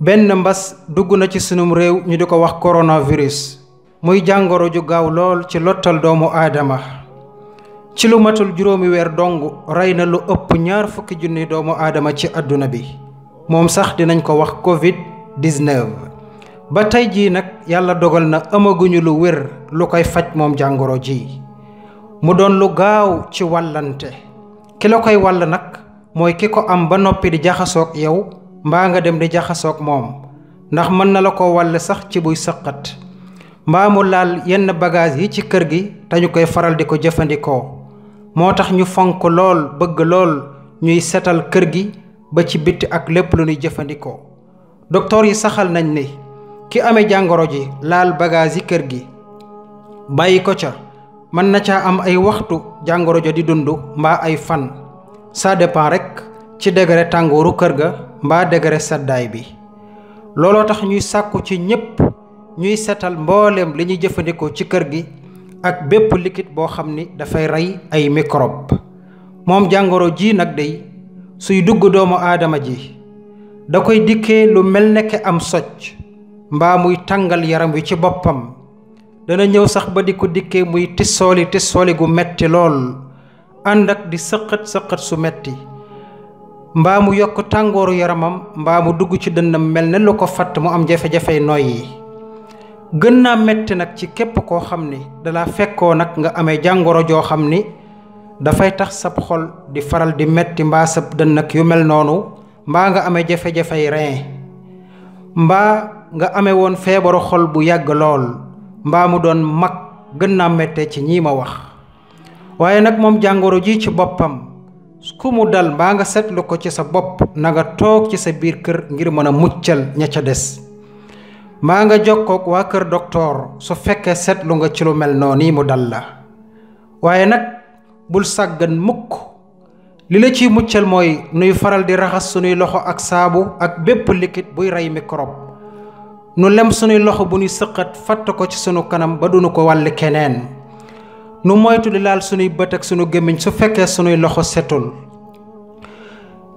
benn mbas dugg na ci sunum réew ñu di ko wax coronavirus muy jàngoro ju gaaw lool ci lottal doomu aadama ci lu matul juróomi weer dong rey na lu ëpp ñaar fukki junni doomu aadama ci àdduna bi moom sax dinañ ko wax covid 19 ba tey jii nag yàlla dogal na amaguñu lu wér lu koy faj moom jàngoro ji mu doon lu gaaw ci wàllante ki la koy wàll nag mooy ki ko am ba noppi di jaxasoog yow mbaa nga dem di jaxasoog moom ndax mën na la ko wàll sax ci buy sëqat mbaa mu laal yenn bagage yi ci kër gi te ñu koy faral di ko jëfandikoo moo tax ñu fonk lool bëgg lool ñuy seetal kër gi ba ci bitti ak lépp lu ñuy jëfandikoo docteur yi saxal nañ ni ki amee jàngoro ji laal bagage yi kër gi bàyyi ko ca mën na caa am ay waxtu jàngoro ja di dund mbaa ay fan ça dépend rekk ci degré tàngooru kër ga mbaa degré seddaay bi looloo tax ñuy sàkku ci ñépp ñuy setal mbooleem li ñuy jëfandikoo ci kër gi ak bépp liquide boo xam ni dafay rey ay microbe moom jàngoro ji nag day suy dugg doomu aadama ji da koy dikke lu mel nekke am socc mbaa muy tàngal yaram wi ci boppam dana ñëw sax ba di ko dikke muy tissooli tissooli gu metti lool ànd ak di sëqët sëqët su metti mbaa mu yokk tàngooru yaramam mbaa mu dugg ci dënnam mel na lu ko fatt mu am jafe-jafey nooy yi gën naa metti nag ci képp koo xam ni dala fekkoo nag nga ame jàngoro joo xam ni dafay tax sab xol di faral di metti mbaa sab dën yu mel noonu mbaa nga amee jafe-jafey rein mbaa nga ame woon feebaru xol bu yàgg lool mbaa mu doon mag gën naa mette ci ñii ma wax waaye nag moom jàngoro ji ci boppam ku mu dal mbaa nga seetlu ko ci sa bopp nanga toog ci sa biir kër ngir mën a muccal ña ca des maa nga jokkoog waa kër doktoor su fekkee seetlu nga ci lu mel noonu mu dal la waaye nag bul sàggan mukk li la ciy muccal mooy nuy faral di raxas sunuy loxo ak saabu ak bépp liquide buy rey microbe nu lem sunuy loxo bu ñuy sëqat fàtt ko ci sunu kanam ba duñu ko wàlli keneen nu moytu di laal sunuy bët ak sunu gémmiñ su fekkee sunuy loxo setul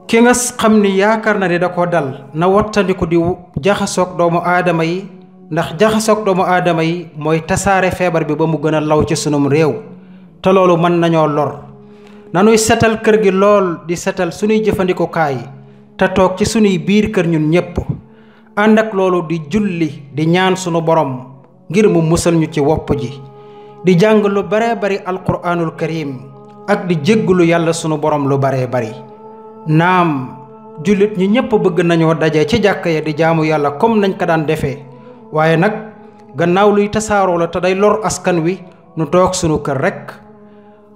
ki nga xam ni yaakaar na ni da ko dal na wattandiku di jaxasoog doomu aadama yi ndax jaxasoog doomu aadama yi mooy tasaare feebar bi ba mu gën a law ci sunum réew te loolu mën nañoo lor nanuy setal kër gi lool di setal sunuy jëfandikukaay te toog ci sunuy biir kër ñun ñépp ànd ak loolu di julli di ñaan sunu borom ngir mu musal ñu ci wopp ji di jàng lu baree bari alquraanul karim ak di jégglu yàlla sunu borom lu baree bari naam jullit ñi ñëpp bëgg nañoo daje ci jàkk ya di jaamu yàlla comme nañ ko daan defee waaye nag gannaaw luy tasaaroo la te day lor askan wi nu toog sunu kër rekk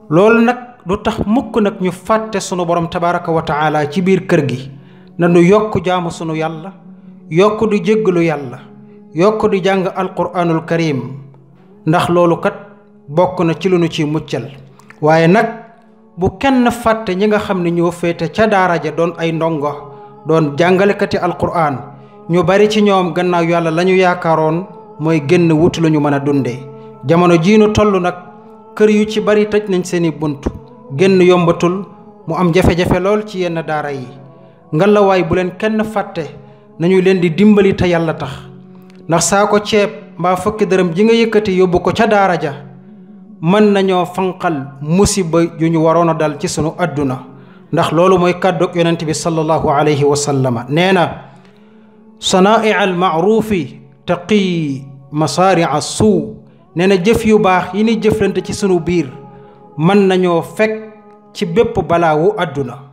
loolu nag du tax mukk nag ñu fàtte sunu borom tabaaraka wa ci biir kër gi na du yokk jaamu sunu yàlla yokk di jégglu yàlla yokk di jàng alquraanul karim ndax loolu kat bokk na ci lu nu ci muccal waaye nag bu kenn fàtte ñi nga xam ne ñoo féete ca daara ja doon ay ndongo doon jàngalekati alxuraan ñu bari ci ñoom gannaaw yàlla lañu yaakaaroon mooy génn wuti lu ñu mën a dunde jamono jii nu toll nag kër yu ci bari tëj nañ seeni bunt génn yombatul mu am jafe-jafe lool ci yenn daara yi ngalawaay bu leen kenn fàtte nañu leen di dimbali te yàlla tax ndax saa ko ceeb mbaa fukki dërëm ji nga yëkkati yóbbu ko ca daara ja mën nañoo fanqal musiba yu ñu waroon a dal ci suñu àdduna ndax loolu mooy kàddug yonent bi sallallahu alayhi wa sallama nee na sanaa'i almaarufi taqi masaari'a suu nee na jëf yu baax yi ni jëflante ci sunu biir mën nañoo fekk ci bépp balaawu àdduna